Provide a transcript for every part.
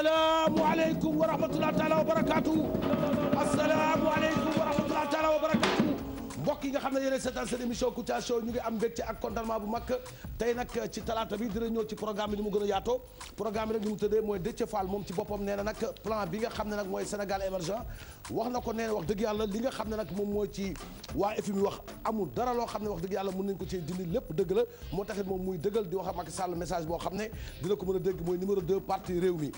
assalaamu aleykum wa rahmatulah taala wa barakaatu. assalaamu aleykum nga xam ne yéen a seetaan seen émission Kouthia Show ñu ngi am mbégte ak contentement bu mag tey nag ci talaata bi dina ñëw ci programme bi ni mu gën a yaato programme bi nag ñu mu tëddee mooy Déthié Fall moom ci boppam nee na nag plan bi nga xam ne nag mooy Sénégal émergent wax na ko nee wax dëgg yàlla li nga xam ne nag moom mooy ci waa FMI wax amul dara loo xam ne wax dëgg yàlla mun nañ ko ci dindi lépp dëgg la moo taxit moom muy dëggal di wax ak Macky message boo xam ne dina ko mën a dégg mooy numéro 2 parti réew mi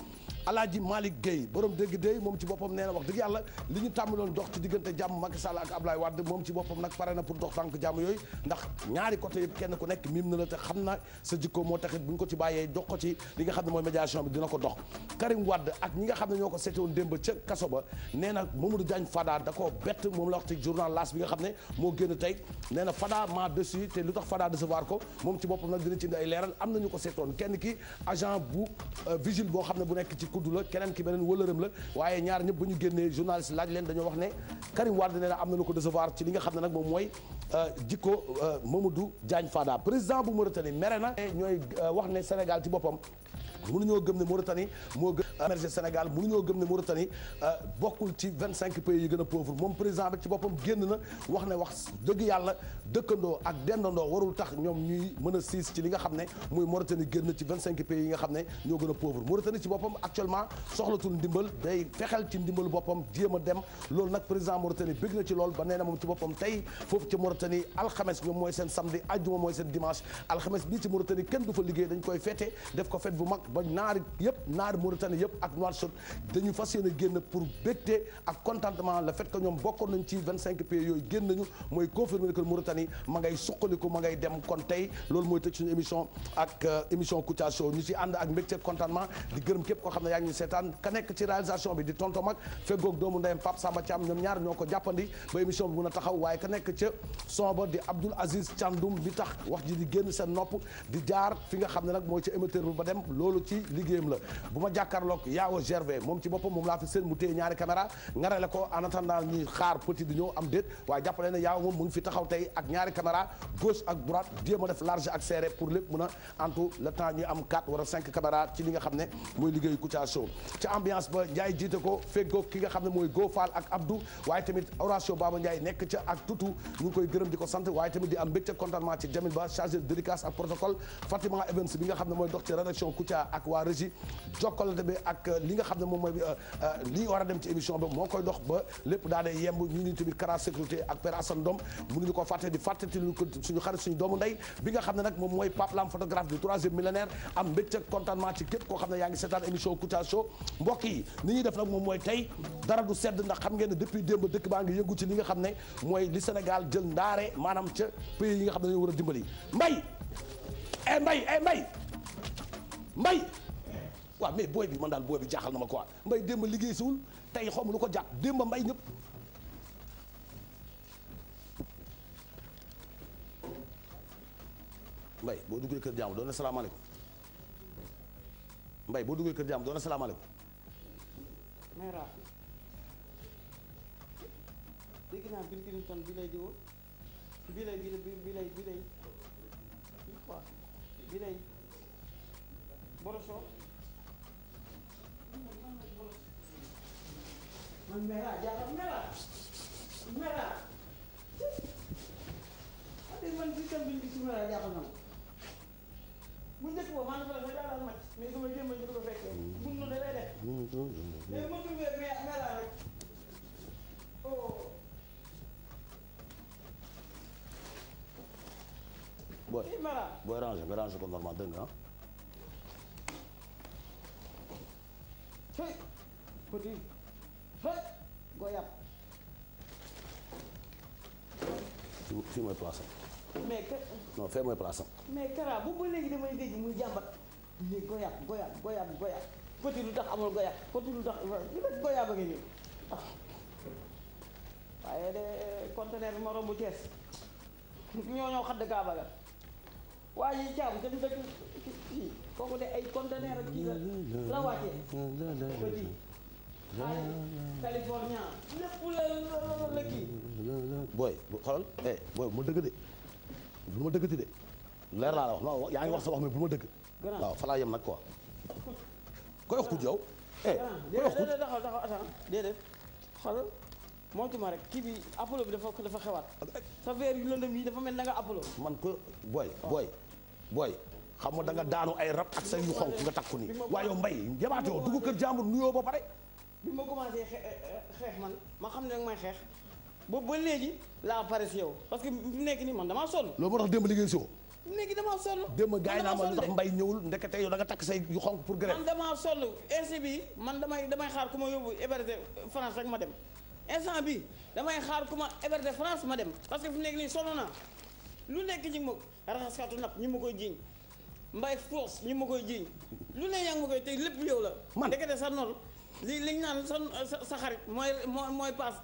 Alaaji Malick Gueye borom dégg déy moom ci boppam nee na wax dëgg yàlla li ñu tàmmaloon dox ci diggante jàmm Macky Sall ak Abdoulaye Wade moom ci boppam nag pare na pour dox tànk jàmm yooyu ndax ñaari côté yëpp kenn ku nekk mim na la te xam moo taxit bu ñu ko ci bàyyee jox ko ci li nga mooy médiation bi dina ko dox nga xam ne ñoo ko seetoon démb ca kaso ba nee na Mamadou Diagne Fada moom la wax ci journal ne moo génn tey nee na Fada maa dessus tax Fada décevoir ko moom ci boppam nag dina ci indi ay leeral am nañu ko seetoon kenn ki agent bu euh, vigile boo xam ne bu nekk ci kuddu la keneen ki beneen wëlërëm la waaye ñaar ñëpp ba ñu génnee journaliste laaj leen dañoo wax ne Karim Wade nee na am na lu ko décevoir ci li nga xam ne nag moom mooy euh, jikko euh, Mamadou Diagne Fada président bu Mauritanie mere na ñooy euh, wax ne Sénégal ci boppam ñoo gëm ne Mauritanie moo gën émergé Sénégal mënuñoo gëm ne Mauritanie euh, bokkul ci vingt cinq pays yu gën a pauvre moom président bi ci boppam génn na wax ne wax dëgg yàlla dëkkandoo ak dendandoo warul tax ñoom ñuy mën a siis ci li nga xam ne muy Mauritanie génn ci vingt cinq pays yi nga xam ne ñoo gën a pauvre Mauritanie ci boppam actuellement soxlatul ndimbal day fexel ci ndimbalu boppam jéem a dem loolu nag président Mauritanie bëgg na ci lool ba nee na moom ci boppam tey foofu ci Mauritanie alxames ñoom mooy seen samedi ajjuma mooy seen dimanche alxames bii ci Mauritanie kenn du fa liggéey dañ koy fête def ko fête bu mag ba naar yëpp naar Mauritanie yëpp ak Nouakchott dañu fas yéene génn pour bégte ak contentement le fait ñoom bokkoon nañ ci vingt cinq pays yooyu génn nañu mooy confirmer que Mauritanie ma ngay suqaliku ma ngay dem kon tey loolu mooy tëj suñu émission ak euh, émission Kouthia Show ñu ci ànd ak mbégte contentement di gërëm képp koo xam ne yaa ngi ñu seetaan ka nekk ci réalisation bi di tonto mag feggoog doomu ndeyam Pape Samba Thiam ñoom ñaar ñoo ko jàppandi ba émission bi a taxaw waaye nekk ca son bi tax wax ji di génn seen nopp di jaar fi nga xam ne nag mooy ca émetteur bi ba dem loolu ci liggéeyam la bu ma jàkkaarloog yaaw a Gervais moom ci boppam moom laa fi seen mu téye ñaari caméra ngarale ko en attendant xaar petit di ñëw am déet waaye jàppale ne yaaw moom mu ngi fi taxaw tey ak ñaari caméra gauche ak droite jéem a def large ak serré pour lépp mun a en tout le temps ñuy am 4 wala 5 caméra ci li nga xam ne mooy liggéeyu Kouthia Show ci ambiance ba Ndiaye jiite ko feggoo ki nga xam ne mooy Go Fall ak Abdou waaye tamit Horatio Baba Ndiaye nekk ca ak tutu ñu ngi koy gërëm di ko sant waaye tamit di am mooy dox ci rédaction Kouthia ak waa régie jokkalante bi ak euh, li nga xam ne moom mooy euh, euh, lii war a dem ci émission bi moo koy dox ba lépp daa dee yemb ñu ni tamit Kara sécurité ak Père Assane Dom mënuñu ko fàtte di fàttati lu ko suñu xarit suñu doomu ndey bi nga xam ne nag moom mooy Pape Lam photographe du troisième millénaire am mbégte contentement ci képp koo xam ne yaa ngi seetaan émission Kouthia Show mbokk yi ni ñuy def nag moom mooy tey dara du sedd ndax xam ngeen ne depuis démb dëkk baa ngi yëngu ci li nga xam ne mooy li Sénégal jël ndaare maanaam ca pays yi nga xam ne war a dimbali mbay eh, mbay eh, mbay mbay waaw mais booy bi man daal booy bi jaaxal na ma quoi mbay démb liggéey siwul tey xom lu ko jàpp démb mbay ñëpp mbay boo duggee kër jàmm doon na salaamaaleykum mbay boo duggee kër jàmm doon na salaamaaleykum may raa dégg naa Bill Clinton bi lay diwoo bi Boroso. man Mera jaaxal Mera Mera. ah dégg man si thème bi ñu gis si Mera jaaxal na ma bu njëkk boobu maa ngi faral ma daal mat mais dama jéem a njëkk a fekkee. mun na dalay def. mais ma tuddee Mera rek oh. booy booy ranger nga ranger ko normal dégg nga hey petit hey goyab. fii mooy place mais que. non mais Kara boobu ba léegi damay dégg muy jàmbat. ni goyab goyab goyab goyab petit lu tax amul goyab petit lu tax li nga goyab a ngi nii waaye de conteneur bi ma romb Thiès ñoo xadd Kaaba la. waa yi jaabu kooku de ay conteneur ak kii la wàccee petit ay lépp la la kii booy xoolal eh booy bu ma dëgg de bu ma dëggati de leer laa la wax non yaa ngi wax sa wax mais bu ma dëgg waaw falaa yem nag quoi koy wax ku jow eh, koy wax ku daxal daxal attends déedéet xoolal moytu ma rek kii bi apollo bi dafa dafa xewaat sa verre yu lëndëm yi dafa mel na nga man ko booy booy booy xam nga da nga daanu ay rab ak sa yu xonk nga takku ni waaye yow mbay yabaatoo dugg kër jàmbur nuyoo ba pare bi ma commencé eh, eh, xeex man ma xam ne danga may xeex boobu ba léegi laa pare si yow parce que bu nekk nii man damaa sonn loolu moo tax démb liggéey si woo léegi damaa sonn démb gaay naa nga takk say yu xonk pour grève man damaa sonn instant damay xaar ku ma yóbbu héberger France rek ma dem instant bi damay xaar ku ma héberger France ma dem parce que bu nekk nii sonn naa lu nekk ñu ma ko raxaskatu napp ñu ma koy jiiñ mbay force ñu ma koy jiiñ lu ne yaa ngi ma koy tey lépp yow la. man ndekete sa noonu li liñ naan sa sa xarit mooy mooy paas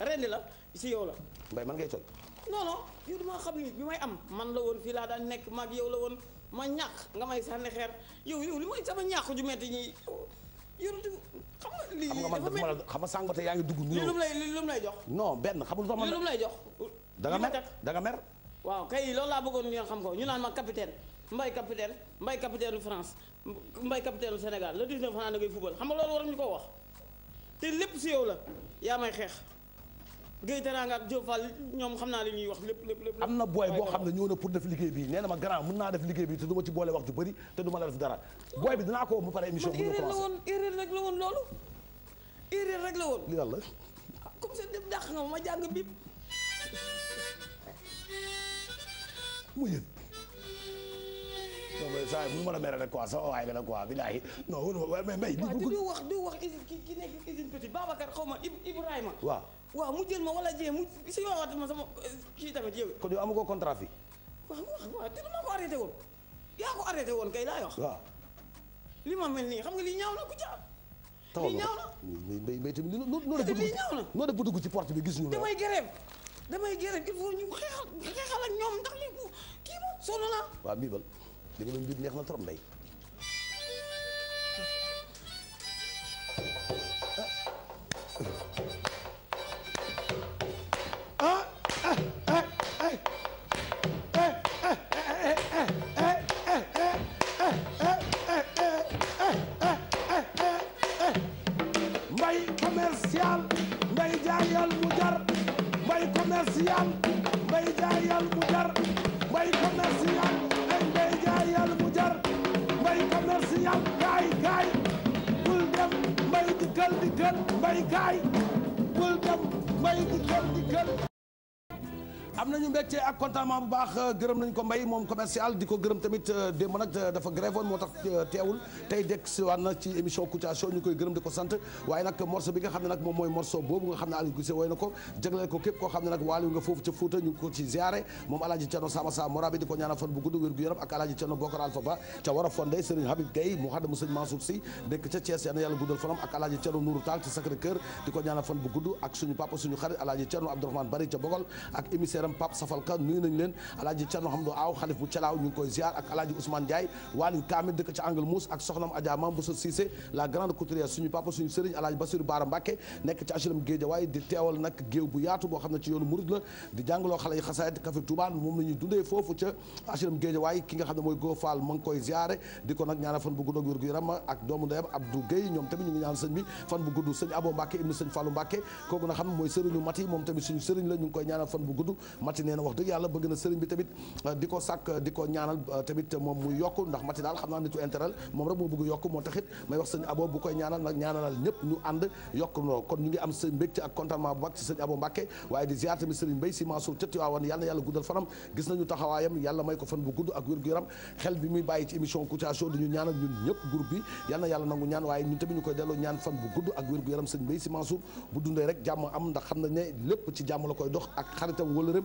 rendi la si yow la. mbay man ngay toj. non non yow dama xam ni bi may am man la woon fii laa daan nekk maag yow la woon ma ñàkk nga may sànni xeer yow yow li may sama ñàkk ju metti ñi yorutu xam nga lii dafa xam nga sànq ba tey yaa ngi dugg. lii lu mu lay lu mu lay jox. non benn xamul nga lu tax man lu mu lay jox. da nga mer da waaw kay loolu laa bëggoon ñu xam ko ñu naan ma capitaine mbay capitaine mbay capitaine u France mbay capitaine u Sénégal le 19 xanaa da ngay football xam nga loolu war ñu ko wax te lépp si yow la yaa may xeex. Guèye Teranga ak Diop Fall ñoom xam naa li ñuy wax lépp lépp lépp. am na booy boo xam ne ñëw na pour def liggéey bi nee na ma grand mën naa def liggéey bi te du ma ci boole wax ju bëri te du la def dara booy bi dinaa ko woo ba pare émission. bu ñu commencé man erreur la woon erreur la woon loolu. erreur rek la ah, ma jàng bip mu yën non saa yi bu ñu mën a mere rek quoi sama waay bi la quoi bilaay non mais mbay. waaw te du wax du wax usine ki nekk usine petit Babacar xaw ma Ibrahima. waaw waaw mu jël ma wala jéem mu si waat ma sama kii tamit yow. kon yow amu ko contrat fii. waaw waaw te du ma ko arrêté woon yaa ko arrêté woon kay laay wax. waaw li ma mel nii xam nga lii ñaaw na ku ca. lii ñaaw na noo def bu ci porte bi gis ñu. damay grève. damay gérer il faut ñu xeexal xeexal ak ñoom ndax li kii moom sonn naa. waaw biibal li nga doon neex na trop mbay. lépp di kër am nañu mbégte ak contentement bu baax euh, gërëm nañ ko mbay moom commercial di ko gërëm tamit euh, démb nag euh, dafa grévoon moo tax teewul tey dégg si waat na ci émission Kouthia Show ñu koy gërëm di ko sant waaye nag morceau bi nga xam ne nag moom mooy morceau boobu nga xam ne Aliou Guissé woy na ko jagleel ca Fouta ñu ko ci ziare moom Alaaji Cerno Sama Sama Morabi di ca war a fondé guddal fanam ak Alaaji Cerno Nourou Tall ci Sacré Cœur di ko ñaanal fan bu madame Pape Safalka nuyu nañu leen alaaji Cerno Hamdu Aw xalif bu Calaaw ñu koy ziar ak alaaji Ousmane Ndiaye waaliyu kaamil dëkk ca Angle Mousse ak soxnam Adja Mam Bousso la grande couturière suñu papa suñu sëriñ alaaji bu yaatu boo xam ne ci yoonu murid la di jàngaloo xale yi xasaayid Café Touba moom la ñuy ne mooy Go Fall ma ko nag ñaanal fan bu gudd ak wér gu ñu moom tamit suñu sëriñ la ñu ngi koy ñaanal fan bu gudd Mati nee na wax dëgg yàlla bëgg na sëriñ bi tamit euh, di ko sàkk euh, di ko ñaanal euh, tamit moom muy yokk ndax Mati daal xam naa nitu intérêt moom rek moo bëgg yokk moo taxit may wax sëñ Abo bu koy ñaanal nag ñaanalal noo kon ñu ngi am ak contentement bu mag ci sëñ Abo Mbàkke waaye di ziar tamit sëriñ Mbay bi muy bàyyi ci émission Kouthia Show di ñu ñaanal ñun ñëpp groupe bi yàlla yàlla nangu ñaan waaye ñun tamit ñu koy delloo ñaan fan bu gudd ak wér-gu-yaram sëñ Si Mansour bu dundee rek jàmm am ndax xam nañ ne lépp ci jàmm la koy dox ak xaritam wëlëram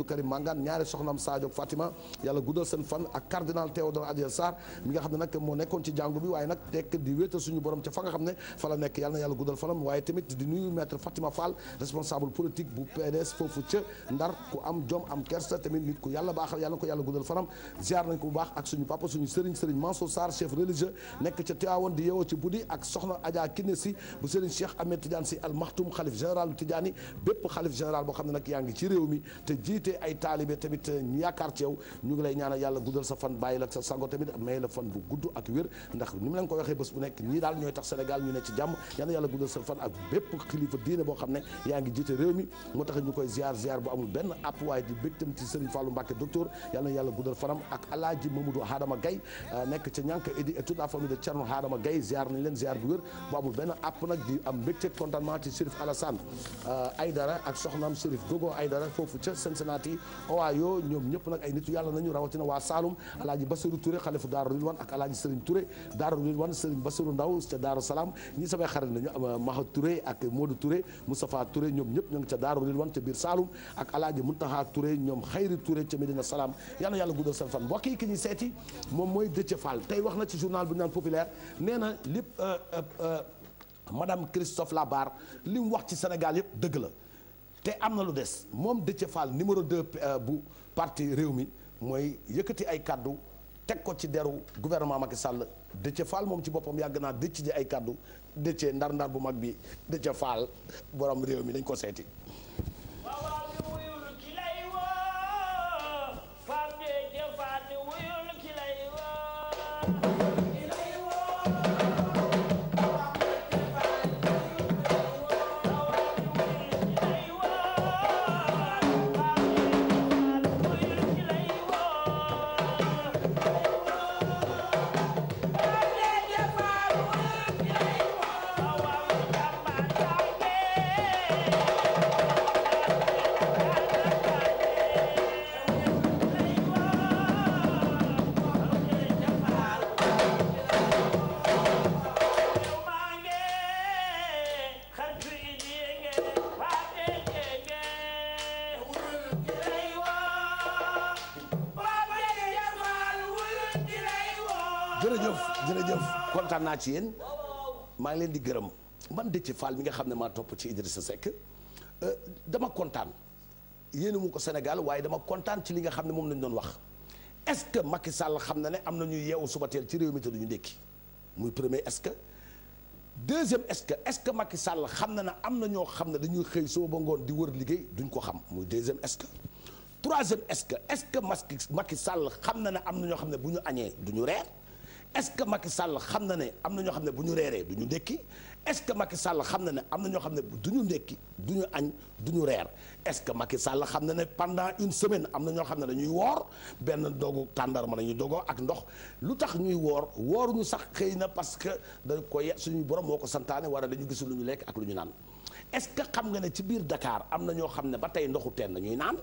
Abdou Karim Mangane ñaari soxnaam Sadio Fatima yàlla guddal seen fan ak cardinal Théodore Adrien Sarr mi nga xam ne nag moo nekkoon ci jàngu bi waaye nag nekk di wéetal suñu borom ca fa nga xam ne fa nekk yàlla guddal fanam waaye tamit di nuyu maître Fatima Fall responsable politique bu PDS foofu ca Ndar ku am jom am kersa tamit nit ku yàlla baaxal yàlla ko yàlla guddal fanam ziar nañ ko bu baax ak suñu papa suñu Serigne Serigne Mansour Sarr chef religieux nekkee ay taalibe tamit euh, ñu yaakaar ci ñu ngi lay ñaanal yàlla guddal sa fan bàyyi la ak sa sago tamit may fan bu gudd ak wér ndax ni mu leen ko waxee bés bu nekk ñii daal ñooy tax Sénégal ñu ne ci jàmm yàlla yàlla guddal sa fan ak bépp xilifa diine boo xam ne yaa ngi jiite réew mi moo tax ñu koy ziar ziar bu amul benn euh, app nag di am mbégte contentement ci Chérif Alassane euh, Aydara ak soxnaam Chérif Gogo Aydara foofu ca Cincinnati Fatick Ohio ñoom ñëpp nag ay nitu yàlla nañu rawatina waa Saloum alaaji Bassirou Touré xalifu Daaru Rilwan ak alaaji Serigne Touré Daaru Rilwan Serigne Bassirou Ndaw ca Daaru Salaam ñi samay xarit nañu Maha Touré ak Modou Touré Moustapha Touré ñoom ñëpp ña ngi ca Daaru Rilwan ca biir Saloum ak alaaji Muntaha Touré ñoom Xayri Touré ca Medina Salaam yàlla yàlla guddal seen fan mbokk yi ki ñuy seeti moom mooy Déthié Fall tey wax na ci journal bi naan populaire nee na lépp euh, euh, euh, madame Christophe Labarre li mu wax ci Sénégal yëpp dëgg la te am na lu des moom Déthié Fall numéro 2 euh, bu parti réew mi mooy yëkkati ay kàddu teg ko ci deru gouvernement Macky Sall Déthié Fall moom ci boppam yàgg naa dëcc ji ay kaddu Déthié ndar-ndar bu mag bi Déthié Fall borom réew mi dañ ko seeti. naa ci yéen maa ngi leen di gërëm man Déthié Fall mi nga xam ne maa topp ci Idrissa Seck euh, dama kontaan yéen mu ko Sénégal waaye dama kontaan ci li nga xam ne moom lañu doon wax est-ce que Macky Sall xam na ne am na ñu yeewu suba teel ci réew mi te duñu ndékki muy premier est que deuxième est-ce que est-ce que Macky Sall xam na ne am na ñoo xam ne dañuy xëy soo ba ngoon di wër liggéey duñ ko xam muy deuxième est-ce que troisième est-ce que est-ce que Macky Sall xam na ne am na ñoo xam ne bu ñu añee duñu reer est-ce que Macky Sall xam na ne am na ñoo xam ne bu ñu reeree du ñu ndékki est-ce que Macky Sall xam na ne am na ñoo xam ne du ñu ndékki du ñu añ du ñu reer est-ce que Macky Sall xam na ne pendant une semaine am na ñoo xam ne dañuy woor benn doogu tàndarma la ñuy dogoo ak ndox lu tax ñuy woor ñu sax xëy na parce que dañ ko suñu borom moo ko santaane wala dañu gisul lu ñu lekk ak lu ñu naan est-ce que xam nga ne ci biir dakaar am na ñoo xam ne ba tey ndoxu teen ñuy naan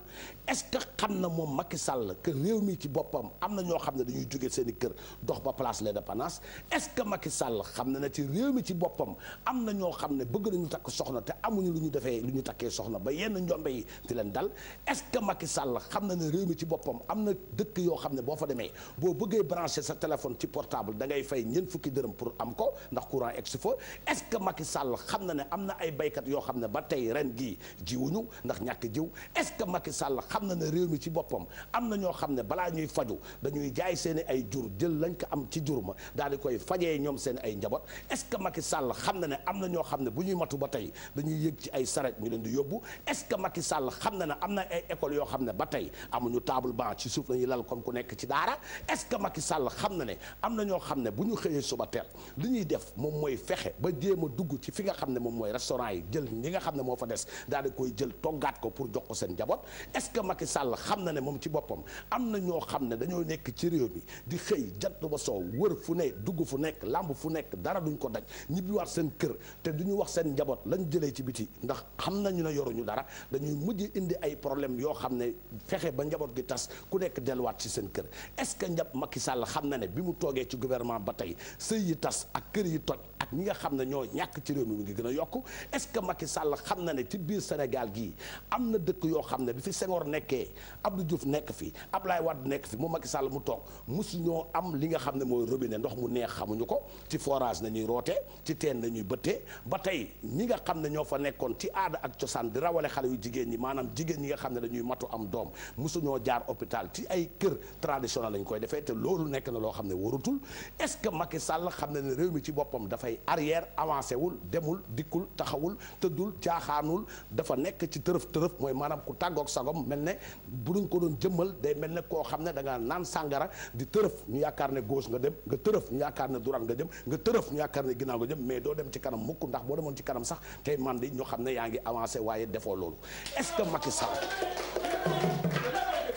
est-ce xam na moom Macky Sall que réew mi ci boppam am na ñoo xam ne dañuy jóge seen i kër dox ba place l'Indépendance est-ce que Macky xam na ne ci réew mi ci boppam am na ñoo xam ne bëgg nañu takk soxna te amuñu lu ñu defee lu ñu takkee soxna ba yenn njombe di leen dal est-ce que Macky Sall na ne réew mi ci boppam am na dëkk yoo xam ne boo fa demee boo bëggee brancher sa téléphone ci portable dangay ngay fay ñeent fukki dërëm pour am ko ndax courant egg si fa est-ce que Macky Sall xam na ne am na ay baykat yoo yoo xam ne ba tey ren gii jiwuñu ndax ñàkk jiw est-ce que Macky Sall xam na ne réew mi ci boppam am na ñoo xam ne balaa ñuy faju dañuy jaay seen ay jur jël lañ ko am ci jur ma daal di koy fajee ñoom seen ay njaboot est-ce que Macky Sall xam na ne am na ñoo xam ne ñuy matu ba tey dañuy yëg ci ay saret ñu leen di yóbbu est-ce que Macky Sall xam na ne am na ay école yoo xam ne ba tey amuñu table ci suuf lañuy lal comme ku nekk ci daara est-ce que Macky Sall xam na ne am na ñoo xam ne bu ñu xëyee suba teel li ñuy def moom mooy fexe ba jéem dugg ci fi nga xam ne moom mooy restaurant yi jël li nga xam ne moo fa des daal di koy jël toggaat ko pour jox ko seen njaboot est-ce que Macky Sall xam na ne moom ci boppam am na ñoo xam ne dañoo nekk ci réew mi di xëy jant ba soow wër fu ne dugg fu nekk làmb fu nekk dara duñ ko daj ñibbiwaat seen kër te duñu wax seen njaboot lañ jëlee ci biti ndax xam nañu ne yoruñu dara dañuy mujj indi ay problème yoo xam ne fexe ba njaboot gi tas ku nekk delluwaat ci seen kër est-ce que njab Macky Sall xam na ne bi mu toogee ci gouvernement ba tey sëy yi tas ak kër yi toj ak ñi nga xam ne ñoo ñàkk ci réew mi mu ngi gën a yokk est-ce que Macky Sall xam na ne ci biir Sénégal gii am na dëkk yoo xam ne bi fi Senghor nekkee Abdou Diouf nekk fi Abdoulaye Wade nekk fi mu Macky Sall mu toog mosu am li nga xam ne mooy robinet ndox mu neex xamuñu ko ci forage nañuy roote ci teen nañuy bëtte ba tey ñi nga xam ne ñoo fa nekkoon ci aada ak cosaan di xale yu jigéen ñi maanaam jigéen ñi nga xam ne dañuy matu am doom mosu jaar hôpital ay kër traditionnel lañ koy defee te loolu nekk na loo xam ne warutul est-ce que Macky Sall xam na ne réew mi ci boppam dafay arrière avancé wul demul dikkul taxawul te tëddul caaxaanul dafa nekk ci tërëf tërëf mooy maanaam ku tàggoog sagom mel ne bu duñ ko doon jëmmal day mel ne koo xam ne da nga naan sàngara di tërëf ñu yaakaar ne gauche nga dem nga tërëf ñu yaakaar ne droite nga dem nga tërëf ñu yaakaar ne ginnaaw nga jëm mais doo dem ci kanam mukk ndax boo demoon ci kanam sax tey man di ñoo xam ne yaa ngi avancé waaye defoo loolu est-ce que Macky Sall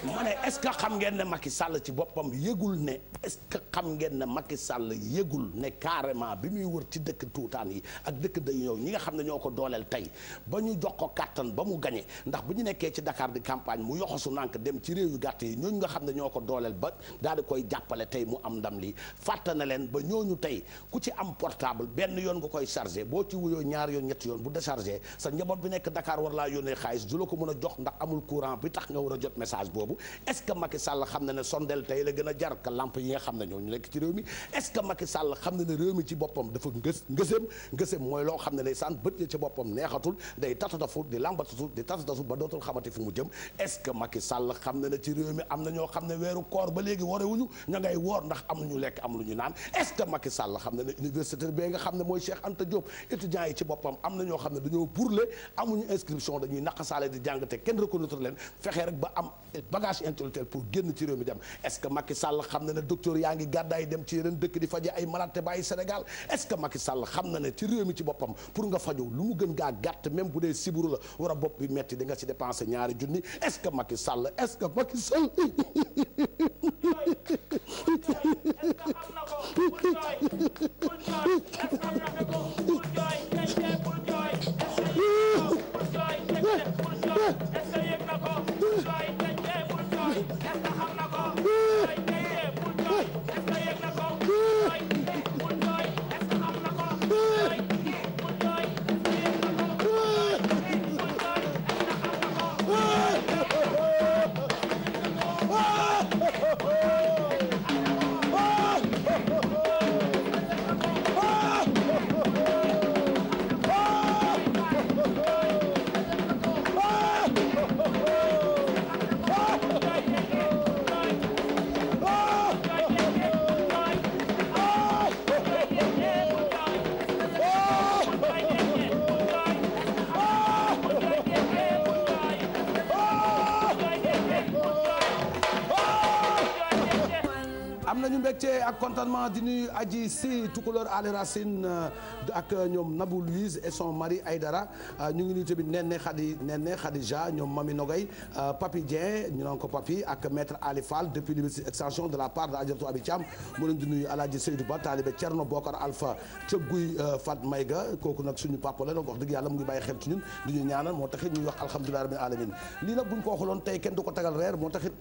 ma est-ce que xam ngeen ne Macky Sall ci boppam yëgul ne est-ce que xam ngeen ne Macky sàll yëgul ne carrément bi muy wër ci dëkk tuutaan yi ak dëkk day ñëw ñi nga xam ne ñoo ko dooleel tey ba ñu jox ko kàttan ba mu gañe ndax bu ñu nekkee ci Dakar di campagne mu yoxosu nànk dem ci réew yu gàtt yi ñooñu nga xam ne ñoo ko dooleel ba daal di koy jàppale tey mu am ndam lii fàtta na leen ba ñooñu tey ku ci am portable benn yoon nga koy chargé boo ci wuyoo ñaar yoon ñetti yoon bu déchargé sa njaboot bi nekk Dakar war laa yoone xaalis du la ko mën a jox ndax amul courant bi tax nga war a jot message boobu boobu est-ce que Macky Sall xam na ne sondeel a jar na réew mi am na ñoo xam ne weeru koor ba léegi warewuñu ña woor ndax am ñu lekk am lu ñu naan est-ce que Macky Sall na université bi nga xam ne mooy Cheikh Anta Diop étudiants yi ci boppam am na ñoo xam ne dañoo burle amuñu inscription dañuy naqasaale di jàng te kenn reconnaître leen fexe rek ba am bagage intellectuel pour génn ci réew mi dem est-ce que Macky Sall xam na ne docteur yaa ngi gàddaay dem ci yeneen dëkk di faje ay malade te bàyyi Sénégal est-ce que Macky Sall xam na ne ci réew mi ci boppam pour nga fajo lu mu gën gaa gàtt même bu dee siburu la war a bopp bi metti di nga ci dépenser ñaari junni est-ce que Macky Sall est-ce que Macky Sall est-ce que yëg na ko Oh, contentement di nuyu aji si tukulóor Ali Racine euh, Wade ak euh, ñoom Nabou Louise et son mari Aïdara euh, ñu ngi nuyu tamit Nene Khadi Nene Khadija ñoom Mami Nogay euh, Papi Dieng ñu naan ko Papi ak maître Ali Fall depuis l'université extension de la part de Adjaratou Abi Thiam mu leen di nuyu Alaaji Seydou Ba taalibe Thierno Bokar Alpha ca guy Fat Mayga kooku nag suñu papa la donc wax dëgg yàlla mu ngi bàyyi xel ci ñun di ñu moo taxit ñuy wax alhamdulilah rabbil alamin lii nag buñ ko waxuloon tey kenn du ko tagal reer moo taxit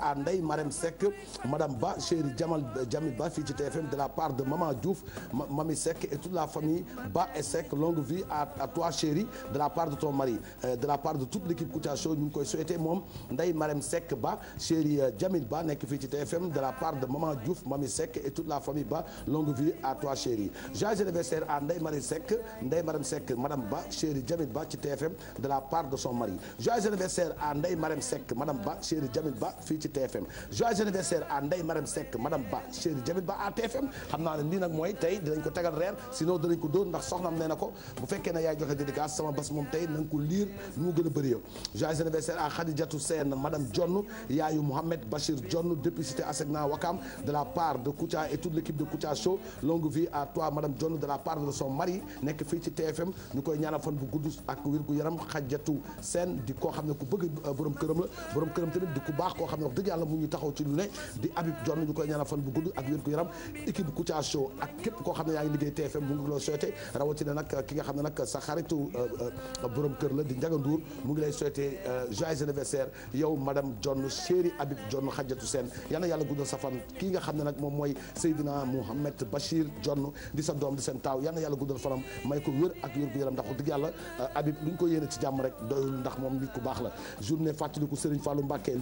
à Ndeye Marème Seck madame Ba chéri Jamal Jami Ba fii ci TFM de la part de maman Diouf mami Seck et toute la famille Ba et Seck longue vie à toi chéri de la part de ton mari euh, de la part de toute l'équipe Kouthia Show ñu ngi koy souhaité moom Ndeye Marème Seck Ba chéri euh, Jamil nekk fii ci TFM de la part de maman Diouf mami Seck et toute la famille Ba longue vie à toi chéri joyeux anniversaire à Ndeye Marème Seck Ndeye Marème Seck Ba chéri Jamil Ba ci TFM de la part de son mari joyeux anniversaire à Ndeye Marème Seck madame Ba chéri Jamil Ba fii ci TFM joyeux anniversaire à Ndeye Marème Seck madame Ba chérie Jamil Ba a TFM xam naa ne lii nag mooy tey dinañ ko tegal sinon dinañ ko dóor ndax ko bu fekkee ne yaay joxe dédicace sama bas moom tey nañ ko liir lu a Wakam de la part de Koutia et toute l'équipe Show longue vie à toi madame Jonn de la part de son mari nekk fii ci TFM ñu koy ñaanal fan bu gudd ak wér gu yaram Khadijatou Sène di koo xam ne ku bëgg euh, borom këram dëgg yàlla mu ngi taxaw ci lu ne di Habib Dione ñu koy ñaanal fan bu gudd ak wér gu yaram équipe Kouthia Show ak képp koo xam ne mu ngi nag sa xaritu euh, euh, borom kër la di Ndiaga Ndour mu ngi lay souhaité euh, joyeux anniversaire yow madame Dione chérie Habib Dione xajjatu seen yal na yàlla guddal sa fan ki nga xam ne nag moom mooy Seydina Mouhamed Bachir Dione di sa doom di seen taaw yal na yàlla guddal fanam may ko wér ak wér gu yaram ndax dëgg yàlla Habib lu ñu ko yéene ci jàmm rek doyul ndax moom baax la journée fàttaliku Serigne Fallou Mbacké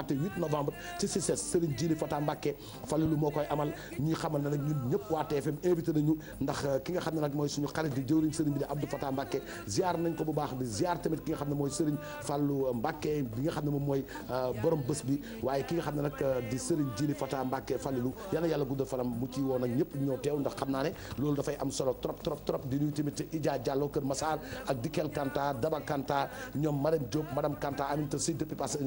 fàtte 8 novembre ci CICES Serigne Djili Fata Mbacke Falilou moo koy amal ñuy xamal ne nag ñun ñëpp waa TFM invité nañu ndax euh, ki nga xam ne nag mooy suñu xarit di jëwriñ Serigne bi di Abdou Fata Mbacke ziar nañ ko bu baax di ziar tamit ki nga xam ne mooy Serigne Fallou Mbacke bi nga xam ne moom mooy euh, borom bés bi waaye ki nga xam ne nag euh, di Serigne Djili Fata Mbacke Falilou yal na yàlla guddal fanam mu ci woon ak ñoo teew ndax xam naa ne loolu dafay am solo trop trop trop di nuyu tamit Idja Diallo Kër Massar ak Dikel Kanta Daba Kanta ñoom Marème Diop madame Kanta Aminata Sy depuis passé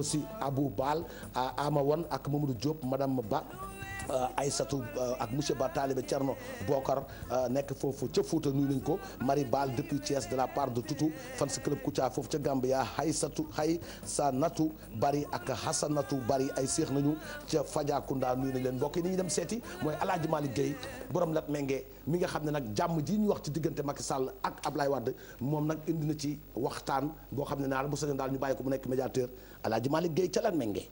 aussi abu Baal a Ama Wan ak Mamadou Diop ma Ba Euh, ay satu euh, ak monsieur Ba Talibé Thierno Bokar euh, nekk foofu ca Fouta nuy nañ ko Marie Baal depuis Thiès de la part de Toutou fans club Kouthia foofu ca Gambia sa natu Bari ak Hasanatu Bari ay séex nañu ca Fajaakunda nuyu nañ leen mbokk yi ni ñu dem seeti mooy El Hadj Malick Guèye borom lat menge mi nga xam ne nag jàmm ji ñu wax ci diggante Macky sàll ak ab laay Ablaye de moom nag indi na ci waxtaan boo xam ne naa la bu sañoon daal ñu bàyyi ko mu nekk médiateur El Hadj ca lat menge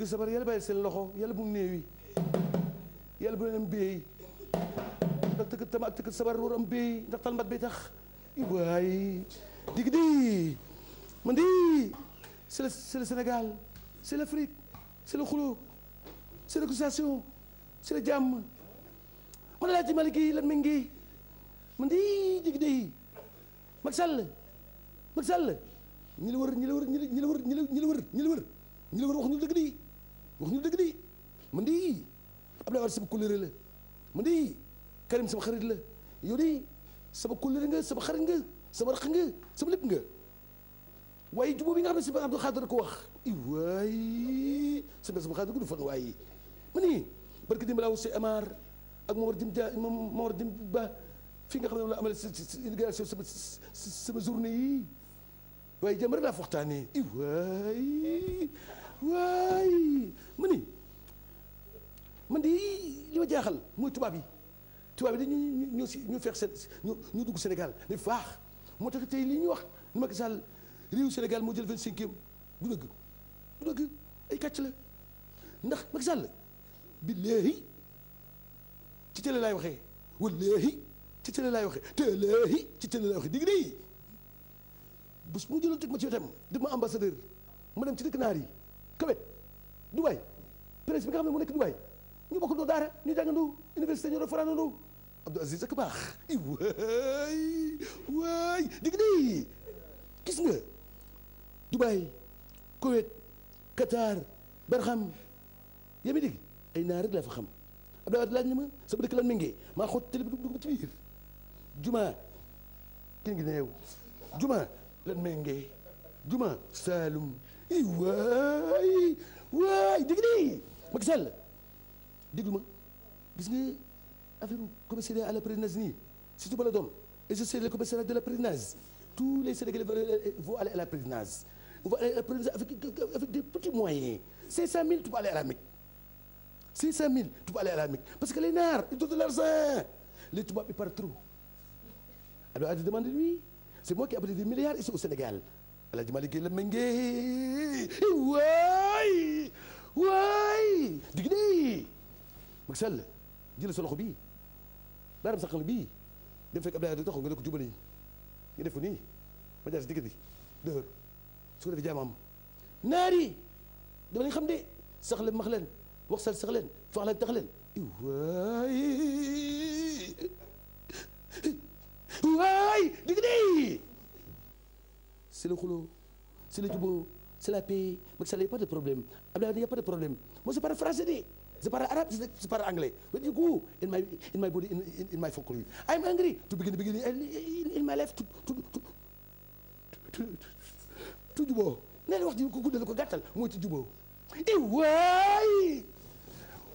tëgg sabar yàlla bàyyi seen loxo yàlla bu mu néew yi yàlla bu leen am béy ndax tëgg tama ak tëgg sabar war am béy ndax talmat bi tax waay digg di man di c'est le c'est le Sénégal c'est l'Afrique c'est le xuloo c'est l'association c'est le jàmm man laa ci Maliki lan mi ngi man di digg di Macky Sall Macky Sall ñi la wër ñi la wër ñi la wër ñi la wër ñi la wër ñi la wër ñi la wër wax ñu dëgg di wax ñu dëgg de man de Abdoulaye Wade sama kóllëre la man de Karim sama xarit la yow de sama kóllëre nga sama xarit nga sama raq nga sama lépp nga waaye bi nga xam ne si Abdou Khadre ko wax i waay sama sama Khadre gudd fan waaye ma ni barki dimbalaa wu si Amar ak Mawar Dim Dia Mawar Ba fi nga xam ne la amal si si inauguration sama sama journée yi waaye jàmm i waay waay ma ni man di li ma jaaxal mooy tubaab yi tubaab yi dañu ñu si ñu feex seen ñu dugg Sénégal ne faax moo tax tey li ñuy wax Macky Sall réew Sénégal moo jël vingt cinquième du dëgg du dëgg ay kàcc la ndax Macky Sall billaahi ci télé laay waxee wallaahi ci télé laay waxee télaahi ci télé laay waxee digg day bés bu mu jëloon teg ma ci wetam def ma ambassadeur ma dem ci dëkk naar yi Koweït Dubaï presse bi nga xam ne mu nekk Dubaï ñu bokkandoo daara ñu jàngandoo université ñu refaraanandoo Abdou Aziz ak i waay waay dégg nii gis nga Dubaï Koweït Qatar Barham yaa ngi ay naar rek laa fa xam Abdoulaye ma sama lan méngee maa xool télé bi dugg juma kii juma lan méngee juma Saalum i waay waay dégg nii Macky Sall déglu ma gis nga commissariat à la présidence nii surtout ba la doon et je sais de la présidence tous les Sénégalais euh, vont aller la présidence on euh, avec des petits moyens 500000 tu peux e tu peux aller la Mecque parce que les Naar ils donnent de l'argent les tubaab ils partent trop alors à demander lui c'est moi qui ai des milliards ici au Sénégal El Hadj Malick Guèye la méngee waay waay digg dee Macky Sall jël sa loxo bii daaram saqal bii dem fekk Abdoulaye di taxaw nga ne ko jubale yi nga def ko nii ma jaar si digg bi dër su ko defee jaamam naari dama lañ xam de sax leen max leen wax sal sax leen faax leen tax leen waay waay digg dee c'est le xuloo c'est le juboo c'est la paix Macky Sall y a pas de problème Abdoulaye Wade y a pas de problème moi je parle français de je parle arabe je parle anglais but you go in my in my body in, in, in my folklore ah, I'm angry to begin begin in, in my life to to to to to juboo nee wax ji ko guddal ko gàttal mooy ci juboo i eh, waay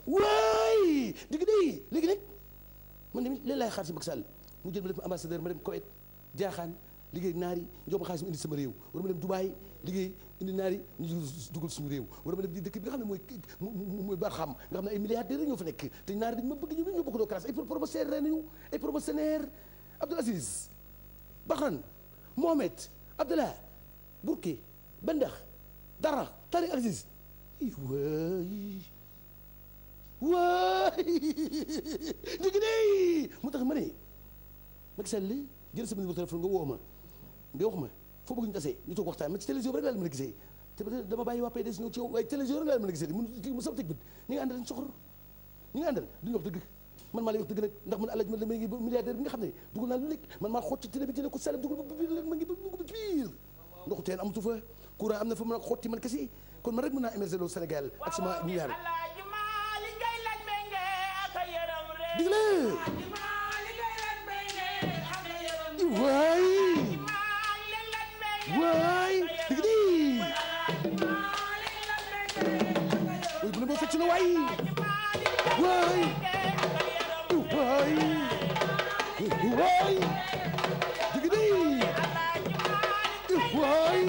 waay digg day léegi nag man tamit léegi laay xaar si Macky Sall mu jël ma def ma ambassadeur ma dem Koweït jaaxaan liggéey naar yi ñu indi sama réew war ma dem Dubaay liggéey indi naar yi ñu dugal réew war ma dem di dëkk bi nga xam ne mooy mooy Barxam nga xam ne ay milliardaires rek ñoo fa nekk te naar yi dañu ma bëgg ñoom ñoo bokk doo classe ay promotionnaire lañu ay promotionnaire Abdoul Aziz Bahran Mohamed Abdallah Aziz waay waay njëgi ne mu tax ma ne Macky jël sama numéro nga woo nga wax ma foo bëgg ñu tasee ñu toog waxtaan ma ci télévision bi rek laa mën a gisee te dama bàyyi waa PDS ñëw ci yow waaye télévision rek laa mën a gisee mu sama tëj bët ñi nga àndal dañ soxor ñi nga àndal duñu wax dëgg man maa lay wax dëgg nag ndax man alaj ma la ma ngi milliardaire bi nga xam ne dugal naa lu nekk man maa xotti télé bi jëlee ko salam dugal ma ngi dugg ba ci biir ndoxu teen amatu fa courant am na fa mën a xotti man kese kon man rek mën naa émerger loolu Sénégal ak sama milliard digle waay waay dëgg di waay bu ne boo fecc na waay waay waay waay dëgg di waay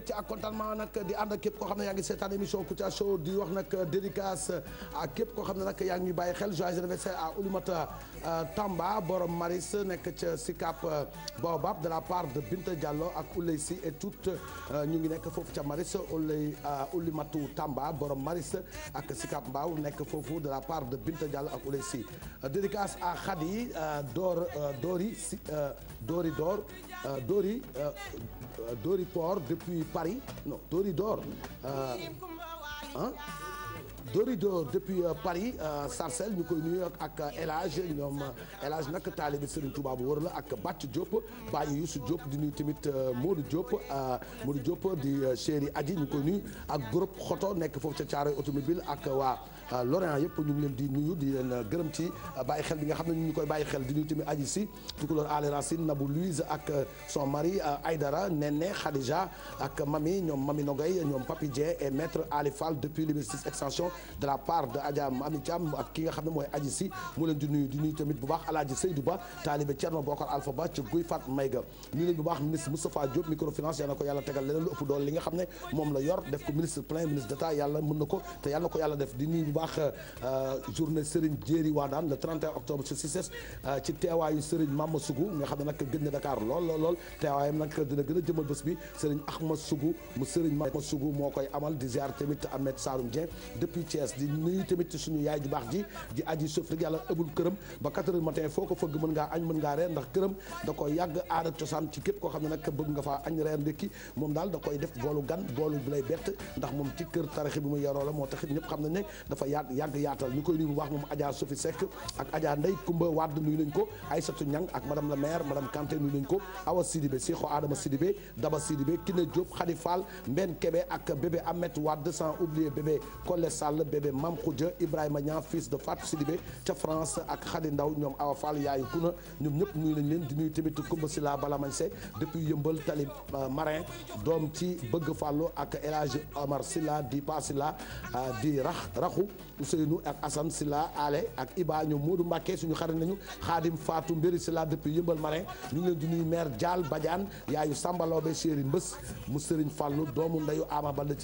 mbégte ak contentement nag di ànd ak képp koo xam ne yaa ngi seetaan émission Kouthia Show di wax nag dédicace ak képp koo xam ne nag yaa ngi ñuy bàyyi xel joyeux anniversaire à Oulimata euh, Tamba borom Maris nekk ca Sicap euh, Baobab de la part de Binta Diallo ak Ouley Si et tout euh, ñu ngi nekk foofu ca Maris Ouley euh, Oulimatu Tamba borom Maris ak Sikap Mbaaw nekk foofu de la part de Binta Diallo ak Ouley Si euh, dédicace à Khady Dor Dori Si Dori Dor Dori Dori Port depuis Paris non Dori Doridoor depuis euh, Paris euh, Sarcelles ñu koy nuyu ak euh, El Hadj ñoom El Hadj nag taalibe Serigne Touba bu wër la ak Bàcc Diop bàyyi Youssou Diop di nuyu tamit Modou Diop Modou Diop di chéri Adji ñu koy nuyu ak groupe Xoto nekk foofu ca Caaroy automobile ak waa Lorrain yëpp ñu ngi leen di nuyu di leen gërëm ci bàyyi xel bi nga xam ne ñu ngi koy bàyyi xel di nuyu tamit Adji si tukulóor Ali Racine Nabou Louise ak son mari Aydara Nene Khadija ak mami ñoom mami Nogay ñoom Papi Dieng et maître Ali Fall depuis Liberté 6 extension émission de la part de Adja Mami Thiam ak ki nga xam ne mooy Adji si mu leen di nuyu tamit bu baax Alaaji Seydou Ba taalibe Thierno Bokar Alpha ci Guy Fat Mayga ñu leen bu baax ministre Moustapha Diop microfinance yal na ko yàlla tegal leneen lu ëpp doole li nga xam ne moom la yor def ko ministre plein ministre d'état yàlla mën na ko te yàlla na ko yàlla def di nuyu bu baax euh, journée Serigne Jéeri Waadaan le 31 octobre ci CICES euh, ci teewaayu Serigne Mama Sougou nga xam a jëmal bés bi Serigne Ahmad Sougou mu fii Thiès di nuyu tamit suñu yaay ju baax ci kër tarixi bi mu yaroo moo taxit ñëpp xam nañ ne dafa yàgg yaatal ñu koy nuyu bu moom Adja Sofi Seck ak Adja Ndey Kumba Wade nuyu nañ ko Aïssatou Niang ak madame la maire madame Kanté nuyu nañ ko Awa Sidibé Seexu Adama Sidibé Daba Sidibé Kiné Diop Khady Fall Mbène Kébé ak bébé Ahmed Wade sans oublier bébé Collé Sall Sall bébé Mam Khoudia Ibrahima Niang fils de Fatou Sidibé ca France ak Khady Ndaw ñoom Awa Fall yaayu kuna ñoom ñëpp nuyu leen di nuyu tamit Koumba Bala Mansé depuis yëmbal tali euh, marin doom ci bëgg fàllu ak El Hadj Omar di Pa Silla euh, di rax raxu Ousseynou ak Assane Silla Ale ak Iba ñoom Modou Mbacké suñu xarit nañu Khadim Fatou Mbéri Silla depuis yëmbal marin ñu ngi leen di nuyu maire Dial Badiane yaayu Sambaloobe chéri Mbës mu Serigne Fallou doomu ndeyu Ama Baldé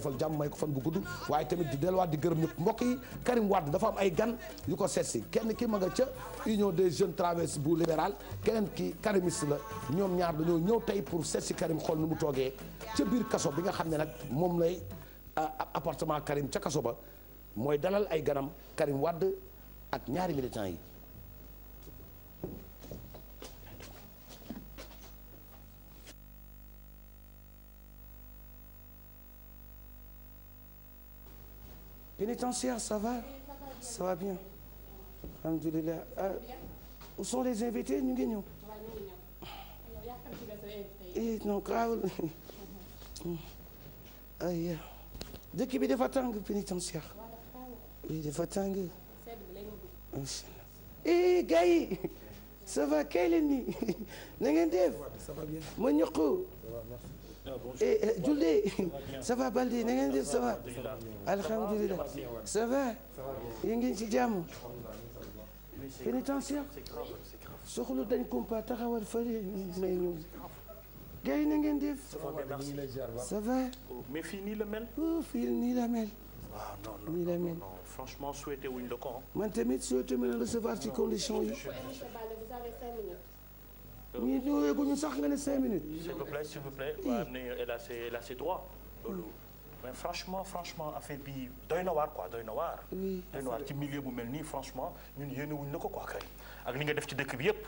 defal jàmm may ko fan bu gudd waaye tamit di delluwaat di gërëm ñëpp mbokk yi Karim Wade dafa am ay gan yu ko seet si kenn ki ma ca union des jeunes traverse bu libéral keneen ki karimiste la ñoom ñaar dañoo ñëw tey pour seet si Karim xool nu mu toogee ca biir kaso bi nga xam ne nag moom lay ah, appartement Karim ca kaso ba mooy dalal ay ganam Karim Wade ak ñaari militants yi Pénitentiaire, ça va ça va bien alhamdulilah ah euh, où sont les invités ñu ngi ñëw. eh non garaawul. ay dëkk bi dafa tàng pénitentiaire. oui dafa tàng. macha allah eh va kay leen nii na ngeen def. ma Eh, eh, Julde ça va Baldi na ngeen def ça va alhamdulilah ça va yéen ngeen ci jàmm pénitentiaire soxlu dañ kumpa taxawal fële may ñu gars yi na ngeen def ça va mais fii nii la mel oh, fii nii la mel waaw ah, non non nii la mel franchement souhaité wuñ la ko man tamit souhaité mën a recevoir ci condition yi ñu ñëweeguñu sax nga ne cinq minutes. s'il vous plaît s'il vous plaît. waa am nañu elle a ses elle a ses droits. loolu mais franchement franchement affaire bi doy na waar quoi doy na waar. oui doy na waar ci milieu bu mel nii franchement ñun yéene wuñ la ko quoi kay. ak li nga def ci dëkk bi yëpp